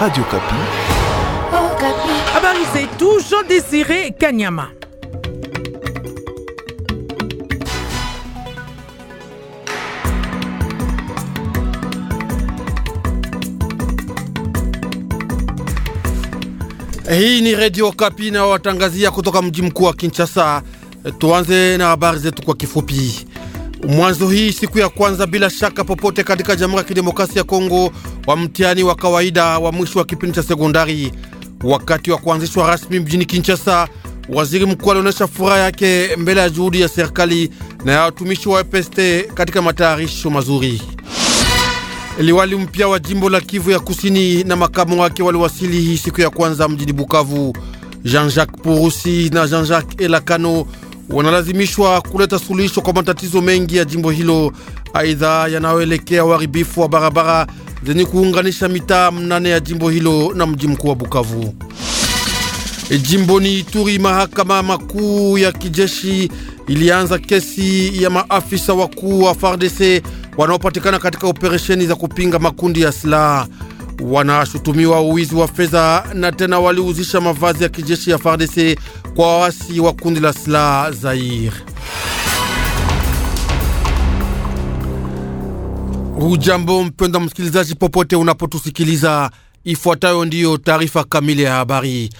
Radio Kapi. Oh, Kapi. Habari zetu Jean Désiré Kanyama. Hii ni Radio Kapi na watangazia kutoka mji mkuu wa Kinshasa. Tuanze na habari zetu kwa kifupi. Mwanzo hii siku ya kwanza bila shaka popote katika Jamhuri ya Kidemokrasia ya Kongo wa mtihani wa kawaida wa mwisho wa kipindi cha sekondari. Wakati wa kuanzishwa rasmi mjini Kinshasa, waziri mkuu alionyesha furaha yake mbele ya juhudi ya serikali na ya watumishi wa EPST katika matayarisho mazuri. Liwali mpya wa jimbo la Kivu ya Kusini na makamu wake waliwasili hii siku ya kwanza mjini Bukavu. Jean-Jacques Purusi na Jean-Jacques Elakano wanalazimishwa kuleta suluhisho kwa matatizo mengi ya jimbo hilo, aidha yanayoelekea uharibifu wa barabara zenye kuunganisha mitaa mnane ya jimbo hilo na mji mkuu wa Bukavu. Jimboni Ituri, mahakama makuu ya kijeshi ilianza kesi ya maafisa wakuu wa FARDC wanaopatikana katika operesheni za kupinga makundi ya silaha wanashutumiwa uwizi wa fedha na tena waliuzisha mavazi ya kijeshi ya FARDC kwa waasi wa kundi la silaha Zaire. Hujambo mpenda msikilizaji, popote unapotusikiliza, ifuatayo ndiyo taarifa kamili ya habari.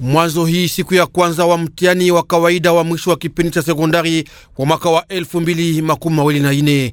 Mwanzo hii siku ya kwanza wa mtihani wa kawaida wa mwisho wa kipindi cha sekondari wa mwaka wa elfu mbili makumi mawili na ine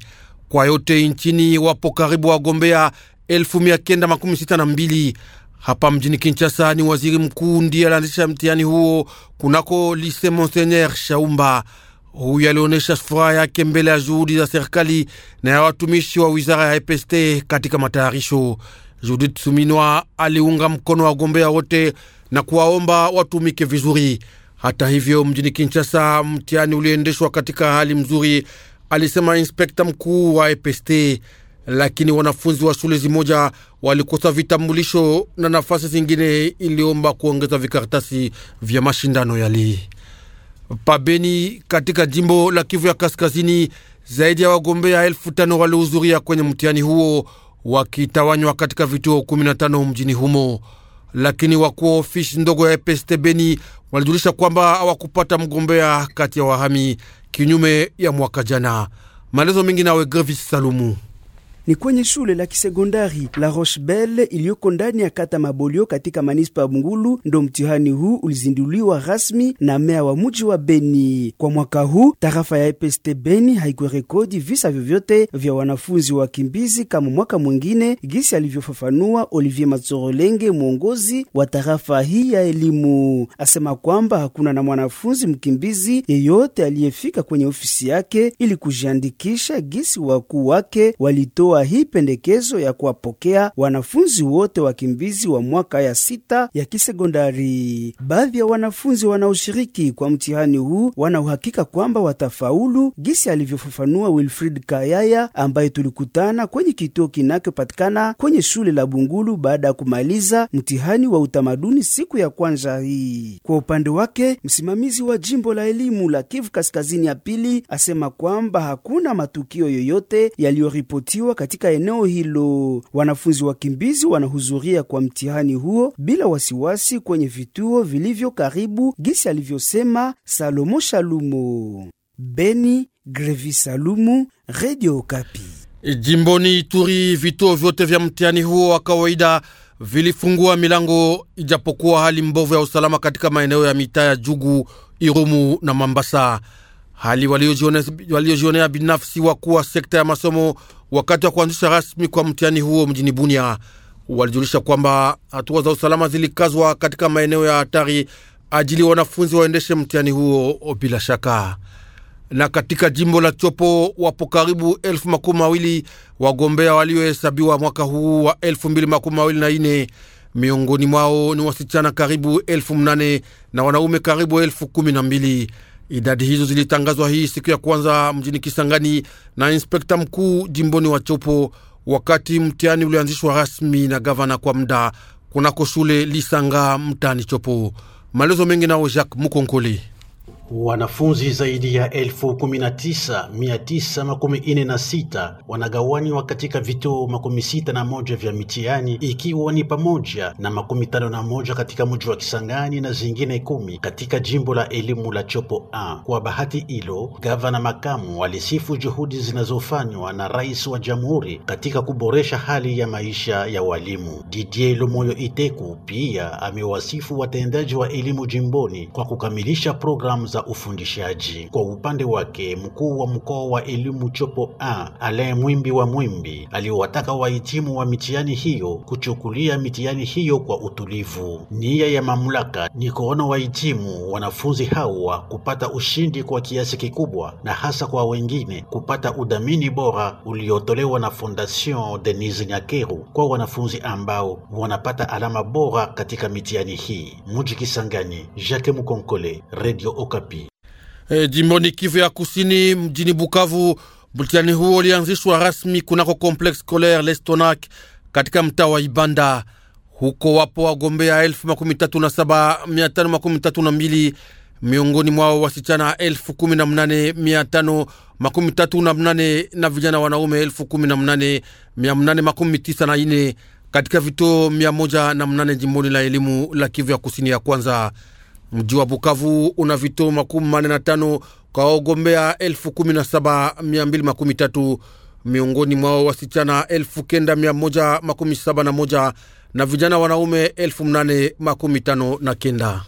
kwa yote nchini, wapo karibu wagombea 1962 hapa mjini Kinshasa. Ni waziri mkuu ndiye alianzisha mtihani huo kunako Lycee Monseigneur Shaumba. Huyu alionyesha furaha yake mbele ya juhudi za serikali na ya watumishi wa wizara ya EPST katika matayarisho. Judith Suminwa aliunga mkono wagombea wote na kuwaomba watumike vizuri. Hata hivyo, mjini Kinshasa mtihani uliendeshwa katika hali mzuri, alisema inspekta mkuu wa EPST lakini wanafunzi wa shule zimoja walikosa vitambulisho na nafasi zingine iliomba kuongeza vikaratasi vya mashindano yali Pabeni katika jimbo la Kivu ya Kaskazini, zaidi ya wagombea elfu tano walihudhuria kwenye mtihani huo wakitawanywa katika vituo 15 mjini humo, lakini wakuwa ofisi ndogo ya EPST Beni walijulisha kwamba hawakupata mgombea kati ya wahami, kinyume ya mwaka jana. Maelezo mengi nawe Grevis Salumu ni kwenye shule la kisekondari la Roche Belle iliyoko ndani ya kata Mabolio katika manispa ya Bungulu ndo mtihani huu ulizinduliwa rasmi na meya wa muji wa Beni. Kwa mwaka huu tarafa ya EPST Beni haikurekodi visa vyovyote vya wanafunzi wa wakimbizi kama mwaka mwingine, gisi alivyofafanua Olivier Matsorolenge, mwongozi wa tarafa hii ya elimu, asema kwamba hakuna na mwanafunzi mkimbizi yeyote aliyefika kwenye ofisi yake ili kujiandikisha, gisi wakuu wake walitoa kutoa hii pendekezo ya kuwapokea wanafunzi wote wakimbizi wa mwaka ya sita ya kisekondari. Baadhi ya wanafunzi wanaoshiriki kwa mtihani huu wanauhakika kwamba watafaulu, gisi alivyofafanua Wilfrid Kayaya ambaye tulikutana kwenye kituo kinachopatikana kwenye shule la Bungulu baada ya kumaliza mtihani wa utamaduni siku ya kwanza hii. Kwa upande wake, msimamizi wa jimbo la elimu la Kivu Kaskazini ya pili asema kwamba hakuna matukio yoyote yaliyoripotiwa katika eneo hilo, wanafunzi wakimbizi wanahudhuria kwa mtihani huo bila wasiwasi kwenye vituo vilivyo karibu, gisi alivyosema Salomo Shalumu. Beni, Grevi Salumu, Radio Kapi. Jimboni Ituri, vituo vyote vya mtihani huo wa kawaida vilifungua milango, ijapokuwa hali mbovu ya usalama katika maeneo ya mitaa ya Jugu, Irumu na Mambasa hali waliojionea binafsi wakuu wa sekta ya masomo wakati wa kuanzisha rasmi kwa mtihani huo mjini Bunia. Walijulisha kwamba hatua za usalama zilikazwa katika maeneo ya hatari ajili wanafunzi waendeshe mtihani huo bila shaka. Na katika jimbo la Chopo wapo karibu elfu makumi mawili wagombea waliohesabiwa mwaka huu wa elfu mbili makumi mawili na ine. Miongoni mwao ni wasichana karibu elfu mnane na wanaume karibu elfu kumi na mbili. Idadi hizo zilitangazwa hii siku ya kwanza mjini Kisangani na inspekta mkuu jimboni wa Chopo wakati mtihani ulioanzishwa rasmi na gavana kwa muda kunako shule Lisanga mtaani Chopo. Maelezo mengi nao Jacques Mukonkoli. Wanafunzi zaidi ya elfu kumi na tisa mia tisa makumi na sita wanagawanywa katika vituo makumi sita na moja vya mitihani ikiwa ni pamoja na makumi tano na moja katika mji wa Kisangani na zingine kumi katika jimbo la elimu la Chopo A. Kwa bahati hilo, gavana makamu walisifu juhudi zinazofanywa na rais wa jamhuri katika kuboresha hali ya maisha ya walimu. Didier Lomoyo Iteku pia amewasifu watendaji wa elimu jimboni kwa kukamilisha programu za ufundishaji. Kwa upande wake, mkuu wa mkoa wa elimu Chopo A Alain Mwimbi wa Mwimbi aliwataka wahitimu wa mitihani hiyo kuchukulia mitihani hiyo kwa utulivu. Nia ya mamlaka ni kuona wahitimu wanafunzi hawa kupata ushindi kwa kiasi kikubwa, na hasa kwa wengine kupata udhamini bora uliotolewa na Fondation Denise Nyakeru kwa wanafunzi ambao wanapata alama bora katika mitihani hii. Muji Kisangani, Jacques Mukonkole, Radio Okapi. E, jimboni Kivu ya Kusini, mjini Bukavu, mtihani huo ulianzishwa rasmi kunako Complexe Scolaire Lestonac katika mtaa wa Ibanda. Huko wapo wagombea 17532 miongoni mwao wasichana 18538 na vijana wanaume 18894 katika vituo 108 jimboni la elimu la Kivu ya Kusini ya kwanza. Mji wa Bukavu una vituo makumi manne na tano kwa wagombea elfu kumi na saba mia mbili makumi tatu miongoni mwao wasichana elfu kenda mia moja makumi saba na moja na vijana wanaume elfu mnane makumi tano na kenda.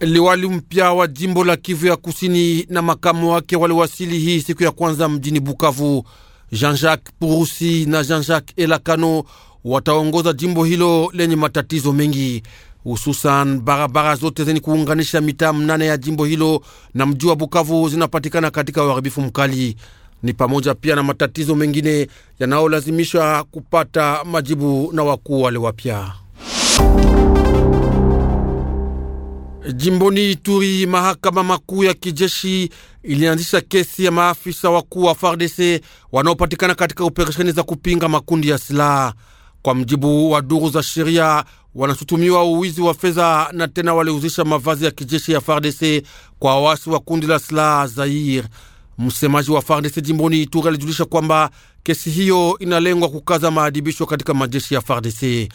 Liwali mpya wa jimbo la Kivu ya kusini na makamu wake waliwasili hii siku ya kwanza mjini Bukavu. Jean-Jacques Purusi na Jean-Jacques Elakano wataongoza jimbo hilo lenye matatizo mengi, hususan barabara zote zenye kuunganisha mitaa mnane ya jimbo hilo na mji wa Bukavu zinapatikana katika uharibifu mkali. Ni pamoja pia na matatizo mengine yanayolazimishwa kupata majibu na wakuu wale wapya. Jimboni Ituri, mahakama makuu ya kijeshi ilianzisha kesi ya maafisa wakuu wa FARDC wanaopatikana katika operesheni za kupinga makundi ya silaha. Kwa mjibu wa duru za sheria, wanashutumiwa uwizi wa fedha na tena walihuzisha mavazi ya kijeshi ya FARDC kwa waasi wa kundi la silaha Zair. Msemaji wa FARDC jimboni Ituri alijulisha kwamba kesi hiyo inalengwa kukaza maadibisho katika majeshi ya FARDC.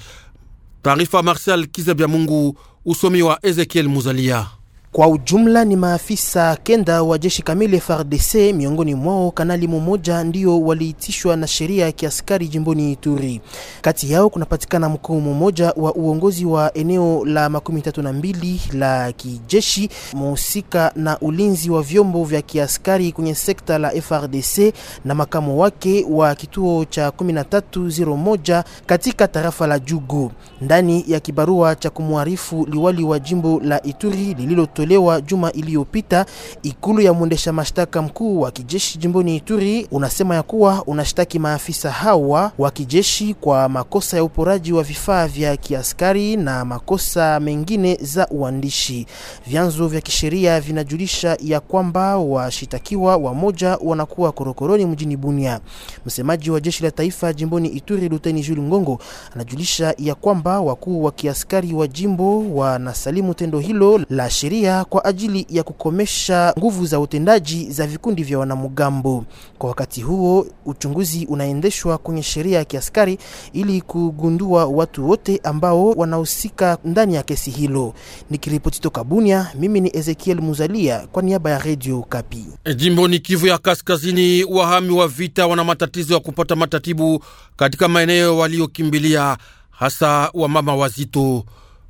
Taarifa Marsial Kizabya Mungu, usomi wa Ezekiel Muzalia. Kwa ujumla ni maafisa kenda wa jeshi kamili FARDC, miongoni mwao kanali mmoja ndio waliitishwa na sheria ya kiaskari jimboni Ituri. Kati yao kunapatikana mkuu mmoja wa uongozi wa eneo la makumi tatu na mbili la kijeshi muhusika na ulinzi wa vyombo vya kiaskari kwenye sekta la FARDC na makamo wake wa kituo cha 1301 katika tarafa la Jugu. Ndani ya kibarua cha kumwarifu liwali wa jimbo la Ituri lililo uliotolewa juma iliyopita, ikulu ya mwendesha mashtaka mkuu wa kijeshi jimboni Ituri unasema ya kuwa unashtaki maafisa hawa wa kijeshi kwa makosa ya uporaji wa vifaa vya kiaskari na makosa mengine za uandishi. Vyanzo vya kisheria vinajulisha ya kwamba washitakiwa wamoja wanakuwa korokoroni mjini Bunia. Msemaji wa jeshi la taifa jimboni Ituri Luteni Jules Ngongo anajulisha ya kwamba wakuu wa kiaskari wa jimbo wanasalimu tendo hilo la sheria sheria kwa ajili ya kukomesha nguvu za utendaji za vikundi vya wanamgambo. Kwa wakati huo, uchunguzi unaendeshwa kwenye sheria ya kiaskari ili kugundua watu wote ambao wanahusika ndani ya kesi hilo. Nikiripoti toka Bunia, mimi ni Ezekiel Muzalia kwa niaba ya Radio Kapi. E, ni Kivu ya Kaskazini, wahami wa vita wana matatizo ya kupata matatibu katika maeneo waliokimbilia, hasa wamama wazito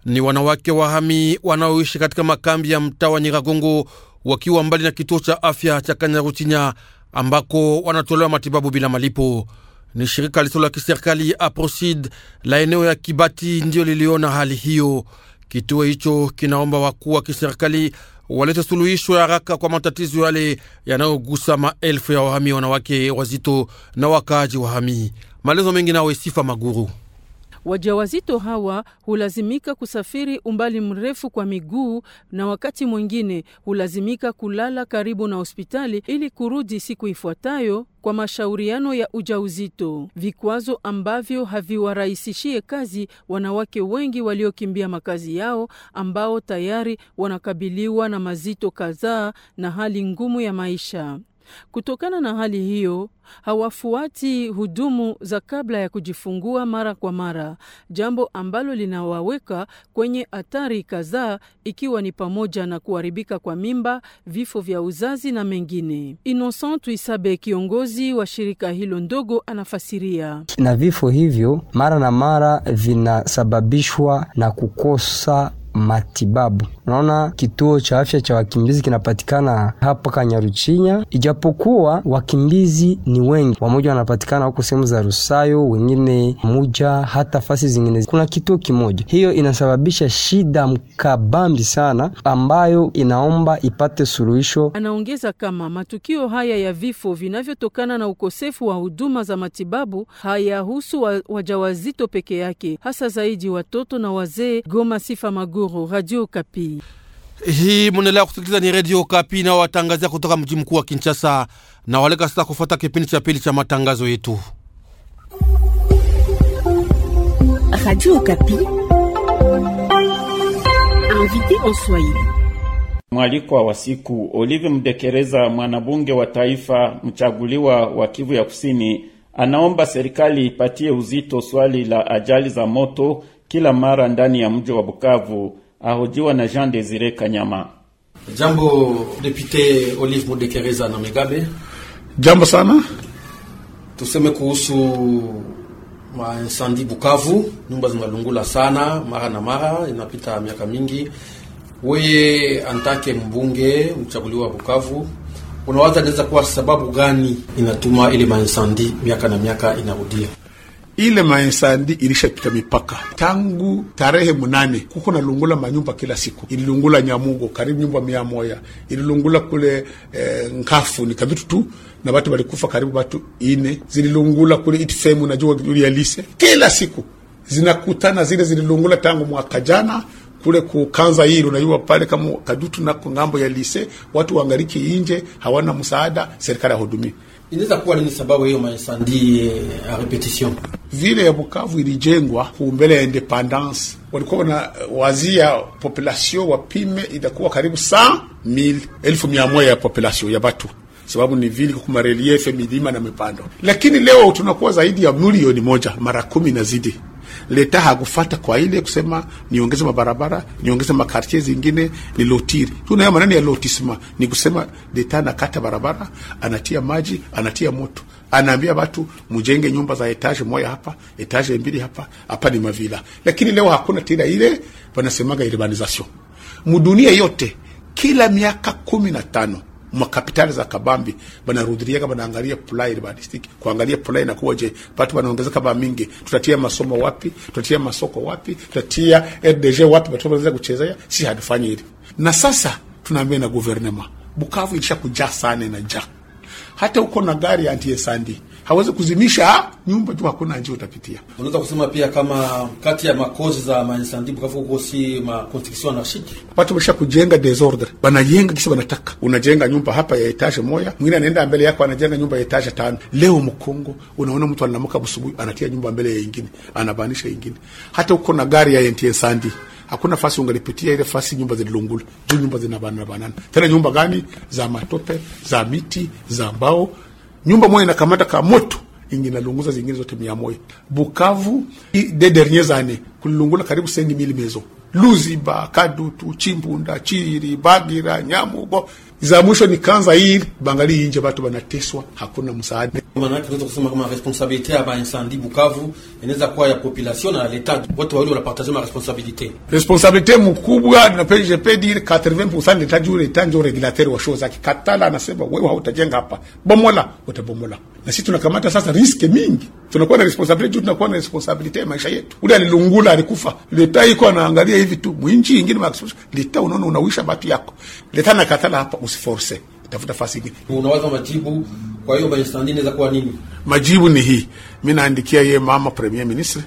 ni wanawake wahami wanaoishi katika makambi ya mtaa wa Nyiragongo wakiwa mbali na kituo cha afya cha kanyarutinya ambako wanatolewa matibabu bila malipo. Ni shirika lisilo la kiserikali Aprosid la eneo ya Kibati ndiyo liliona hali hiyo. Kituo hicho kinaomba wakuu wa kiserikali walete suluhisho ya haraka kwa matatizo yale yanayogusa maelfu ya wahami wanawake wazito na wakaaji wahami. Maelezo mengi nawe Sifa Maguru. Wajawazito hawa hulazimika kusafiri umbali mrefu kwa miguu na wakati mwingine hulazimika kulala karibu na hospitali ili kurudi siku ifuatayo kwa mashauriano ya ujauzito, vikwazo ambavyo haviwarahisishie kazi wanawake wengi waliokimbia makazi yao, ambao tayari wanakabiliwa na mazito kadhaa na hali ngumu ya maisha. Kutokana na hali hiyo, hawafuati hudumu za kabla ya kujifungua mara kwa mara, jambo ambalo linawaweka kwenye hatari kadhaa, ikiwa ni pamoja na kuharibika kwa mimba, vifo vya uzazi na mengine. Innocent Isabe, kiongozi wa shirika hilo ndogo, anafasiria. Na vifo hivyo mara na mara vinasababishwa na kukosa matibabu. Unaona, kituo cha afya cha wakimbizi kinapatikana hapa Kanyaruchinya, ijapokuwa wakimbizi ni wengi, wamoja wanapatikana huko sehemu za Rusayo, wengine Muja, hata fasi zingine. Kuna kituo kimoja, hiyo inasababisha shida mkabambi sana, ambayo inaomba ipate suluhisho. Anaongeza kama matukio haya ya vifo vinavyotokana na ukosefu wa huduma za matibabu hayahusu wa, wajawazito peke yake, hasa zaidi watoto na wazee. Goma Sifa Maguru Bujumburu, Radio Kapi. Hii mnaendelea kusikiliza ni Radio Kapi na watangazia kutoka mji mkuu wa Kinshasa na waleka sasa kufuata kipindi cha pili cha matangazo yetu. Radio Kapi. wa siku Olive Mdekereza, mwanabunge wa taifa mchaguliwa wa Kivu ya Kusini, anaomba serikali ipatie uzito swali la ajali za moto kila mara ndani ya mji wa Bukavu, ahojiwa na Jean Desire Kanyama. Jambo Depute Olive Mudekereza na Megabe. Jambo sana. Tuseme kuhusu mainsandi Bukavu, nyumba zinalungula sana mara na mara, inapita miaka mingi. Weye antake mbunge mchaguliwa wa Bukavu, unawaza inaweza kuwa sababu gani inatuma ile maensandi miaka na miaka inarudia? ile mainsandi ilishapita mipaka tangu tarehe munane. Kuko nalungula manyumba kila siku, ililungula Nyamugo karibu nyumba mia moya, ililungula kule e, Nkafu ni kavitu tu na watu walikufa karibu watu ine, zililungula kule Itfemu jua ya lise. Kila siku zinakutana zile, zililungula tangu mwaka jana kule kukanza hii unajua pale kama kadutu na ngambo ya lise, watu wangaliki inje, hawana msaada, serikali hahudumii Inaweza kuwa nini sababu hiyo maisandi eh, a repetition? Vile ya Bukavu ilijengwa kumbele ya independence, walikuwa na wazia population wapime itakuwa karibu saa mil elfu mia moja ya population ya batu, sababu ni vile kuma milima na mipando, lakini leo tunakuwa zaidi ya milioni moja mara kumi na zidi Leta hakufata kwa ile kusema niongeze mabarabara, niongeze makartie zingine, ni lotiri. Tuna hiyo maneno ya lotisma, ni kusema leta anakata barabara, anatia maji, anatia moto, anaambia watu mjenge nyumba za etaje moja hapa, etaje mbili hapa, hapa ni mavila. Lakini leo hakuna tena ile wanasemaga urbanisation. Mudunia yote kila miaka kumi na tano makapitali za kabambi banarudhiriaka banaangalia pulai badistiki kuangalia pulai je batu banaongezeka ba mingi, tutatia masomo wapi? Tutatia masoko wapi? Tutatia RDG wapi? batu banaweza kuchezea, si hatufanyi hili. Na sasa tunaambia na guvernema Bukavu ilisha kujaa sana na hata uko na gari antiesandi hawezi kuzimisha nyumba tu, hakuna njia utapitia. Unaweza kusema pia kama kati ya makozi za mainsandibu kafu huko si ma construction shiki watu wamesha kujenga desordre, banajenga kisa banataka. Unajenga nyumba hapa ya etage moja, mwingine anaenda mbele yako anajenga nyumba ya etage tano. Leo Mkongo unaona mtu anaamka busubuhi anatia nyumba mbele ya ingine, anabanisha ingine. Hata uko na gari ya NTS sandi hakuna fasi ungalipitia ile fasi, nyumba zililungula juu, nyumba zinabanana banana. Tena nyumba gani? Za matope, za miti, za mbao nyumba moja inakamata ka moto inginalunguza nalunguza zingine zote mia moja Bukavu de dernier années kulungula karibu sengi mili mezo Luziba, Kadutu, Chimbunda, Chiri, Bagira, Nyamugo za mwisho kanza hii bangali inje batu banateswa, hakuna msaada. Maana yake tunaweza kusema kama responsabilite ya bainsandi Bukavu eneza kuwa ya populasyon na leta, watu wawili wanapartaje ma responsabilite. Responsabilite mkubwa na peje pedir 80% leta juu leta ndio regulateur wa shoza. Kikatala anasema wewe utajenga hapa, bomola utabomola. Na si tunakamata sasa riske mingi, tunakuwa na responsabilite, juu tunakuwa na responsabilite maisha yetu. Ule alilungula kabla alikufa, leta iko anaangalia hivi tu. mwinji ingine makusudi leta, unaona unawisha watu yako, leta na katala hapa, usiforce, tafuta fasi ingine. Unawaza majibu. Kwa hiyo majibu za kuwa nini? Majibu ni hii, mimi naandikia ye mama premier ministre,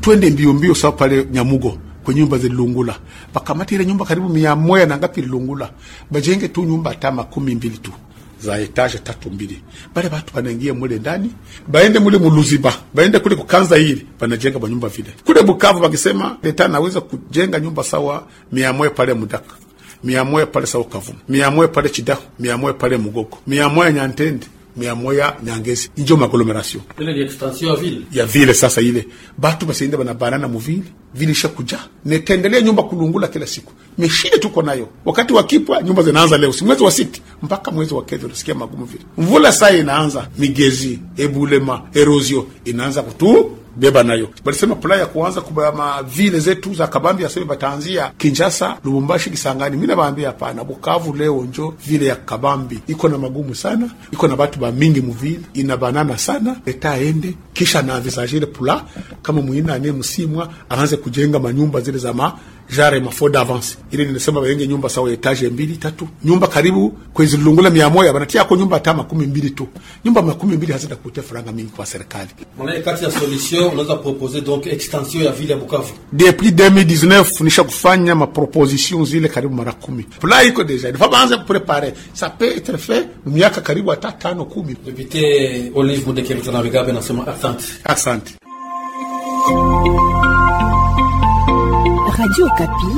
twende mbio mbio sawa pale Nyamugo kwa nyumba za lungula bakamati ile nyumba karibu mia moja na ngapi lungula bajenge tu nyumba tama makumi mbili tu za etage tatu mbili, bale batu banaingia mule ndani, baende mule muluziba, baende kule kukanza hili, banajenga banyumba vile kule Bukavu, bakisema leta naweza kujenga nyumba sawa mia moja pale Mudaka, mia moja pale sawa Kavumu, mia moja pale Chidahu, mia moja pale Mugogo, mia moja Nyantende mia njo mia ngezi ijo maaglomeration ya vile sasa, ile batu basaenda banabanana muvile vile isha kuja nyumba kulungula kila siku, meshida tuko nayo. Wakati wakipwa nyumba zinaanza leo, si mwezi wa sita mpaka mwezi wa kezi, unasikia magumu vile. Mvula saa inaanza, migezi, ebulema, erosio inaanza kutu beba nayo. Balisema pula ya kuanza kubama vile zetu za kabambi sebe bataanzia Kinshasa, Lubumbashi, Kisangani. Mimi nabaambia hapana, Bukavu leo njo vile ya kabambi iko na magumu sana, iko na batu ba mingi muvile inabanana sana. Leta ende kisha na visajile pula kama mwina ane msimwa aanze kujenga manyumba zile za maa jare mafo d'avance ile ninasema wenge nyumba sawa etage mbili tatu nyumba karibu kwezi lungula mia moja banatia yako nyumba hata makumi mbili tu nyumba makumi mbili hazita kutia faranga mingi kwa serikali mwanae kati ya solution unaweza proposer donc extension ya ville ya Bukavu depuis 2019 nisha kufanya ma proposition zile karibu mara kumi pla iko deja il faut banza préparer ça peut être fait miaka karibu hata tano kumi député Olive Mudekeri tanavigabe nasema asante asante Radio Kapi,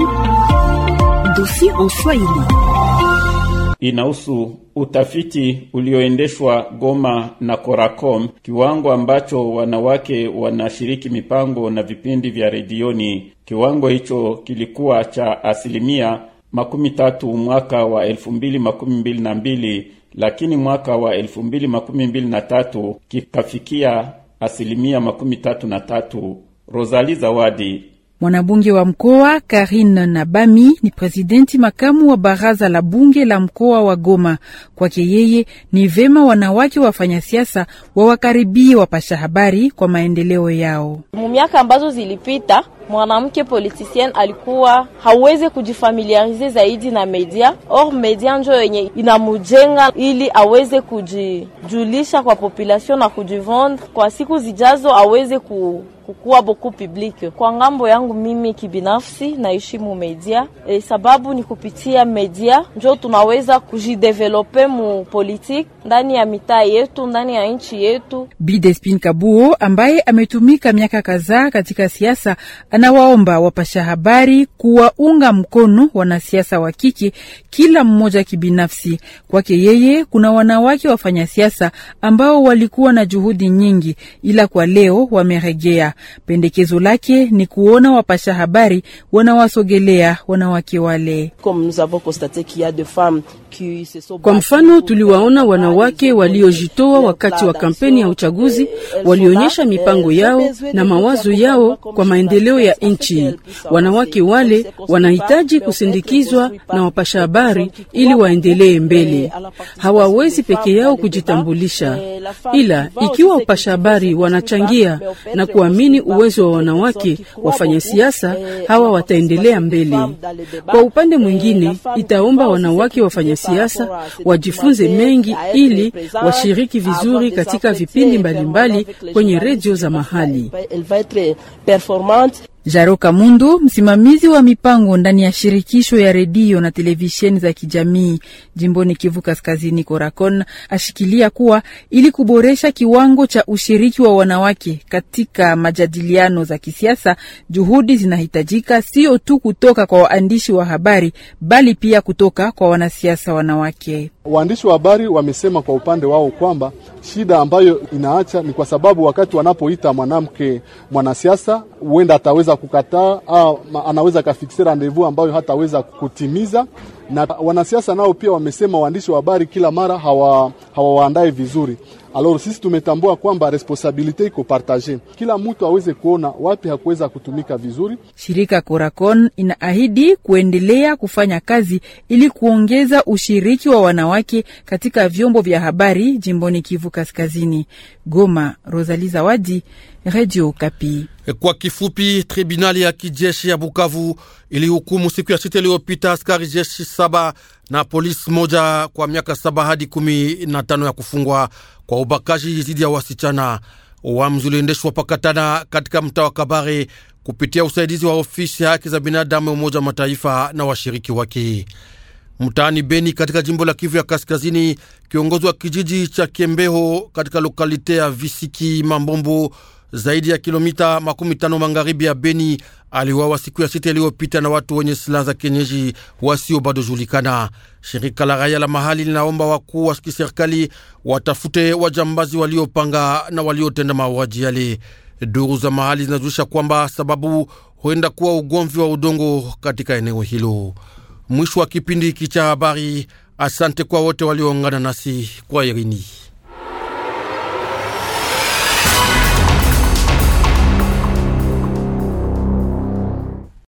dosi en Swahili, inahusu utafiti ulioendeshwa Goma na Koracom, kiwango ambacho wanawake wanashiriki mipango na vipindi vya redioni. Kiwango hicho kilikuwa cha asilimia makumi tatu mwaka wa elfu mbili makumi mbili na mbili lakini mwaka wa elfu mbili makumi mbili na tatu kikafikia asilimia makumi tatu na tatu. Rosali Zawadi Mwanabunge wa mkoa karin Nabami ni presidenti makamu wa baraza la bunge la mkoa wa Goma. Kwake yeye ni vema wanawake wafanya siasa wawakaribie wapasha habari kwa maendeleo yao. Mumiaka ambazo zilipita mwanamke politisien alikuwa hawezi kujifamiliarize zaidi na media or media njo yenye inamujenga ili aweze kujijulisha kwa population na kujivonde kwa siku zijazo aweze ku kukua beaucoup public. Kwa ngambo yangu mimi kibinafsi naheshimu media e, sababu ni kupitia media njo tunaweza kujidevelope mu politique ndani ya mitaa yetu ndani ya nchi yetu. Bidespin Kabuo ambaye ametumika miaka kadhaa katika siasa, anawaomba wapasha habari kuwaunga mkono wanasiasa wa kike, kila mmoja kibinafsi. Kwake yeye kuna wanawake wafanya siasa ambao walikuwa na juhudi nyingi, ila kwa leo wameregea Pendekezo lake ni kuona wapasha habari wanawasogelea wanawake wale. Kwa mfano, tuliwaona wanawake waliojitoa wakati wa kampeni ya uchaguzi, walionyesha mipango yao na mawazo yao kwa maendeleo ya nchi. Wanawake wale wanahitaji kusindikizwa na wapasha habari ili waendelee mbele. Hawawezi peke yao kujitambulisha, ila ikiwa wapasha habari wanachangia na kuamini ninaamini uwezo wa wanawake wafanya siasa hawa wataendelea mbele. Kwa upande mwingine, itaomba wanawake wafanya siasa wajifunze mengi ili washiriki vizuri katika vipindi mbalimbali mbali kwenye redio za mahali. Jaroka Mundu, msimamizi wa mipango ndani ya shirikisho ya redio na televisheni za kijamii jimboni Kivu Kaskazini, Korakon, ashikilia kuwa ili kuboresha kiwango cha ushiriki wa wanawake katika majadiliano za kisiasa, juhudi zinahitajika sio tu kutoka kwa waandishi wa habari, bali pia kutoka kwa wanasiasa wanawake. Waandishi wa habari wamesema kwa upande wao kwamba shida ambayo inaacha ni kwa sababu wakati wanapoita mwanamke mwanasiasa, huenda ataweza kukataa, anaweza kafikse rendezvous ambayo hataweza kutimiza na wanasiasa nao pia wamesema waandishi wa habari kila mara hawawaandae hawa vizuri. Alors sisi tumetambua kwamba responsabilite iko partage, kila mtu aweze kuona wapi hakuweza kutumika vizuri. Shirika Coracon inaahidi kuendelea kufanya kazi ili kuongeza ushiriki wa wanawake katika vyombo vya habari jimboni Kivu Kaskazini. Goma, Rosalie Zawadi, Radio Kapi. Kwa kifupi, tribunali ya kijeshi ya Bukavu ilihukumu siku ya sita iliyopita askari jeshi saba na polisi moja kwa miaka saba hadi kumi na tano ya kufungwa kwa ubakaji dhidi ya wasichana. Uamuzi uliendeshwa pakatana katika mtaa wa Kabare kupitia usaidizi wa ofisi ya haki za binadamu ya Umoja wa Mataifa na washiriki wake. Mtaani Beni katika jimbo la Kivu ya Kaskazini, kiongozi wa kijiji cha Kembeho katika lokalite ya Visiki Mambombo zaidi ya kilomita makumi tano magharibi ya Beni, aliwawa siku ya sita iliyopita na watu wenye silaha za kienyeji wasio bado julikana. Shirika la raia la mahali linaomba wakuu wa kiserikali watafute wajambazi waliopanga na waliotenda mauaji yale. Duru za mahali zinajulisha kwamba sababu huenda kuwa ugomvi wa udongo katika eneo hilo. Mwisho wa kipindi hiki cha habari. Asante kwa wote walioungana nasi kwa Irini.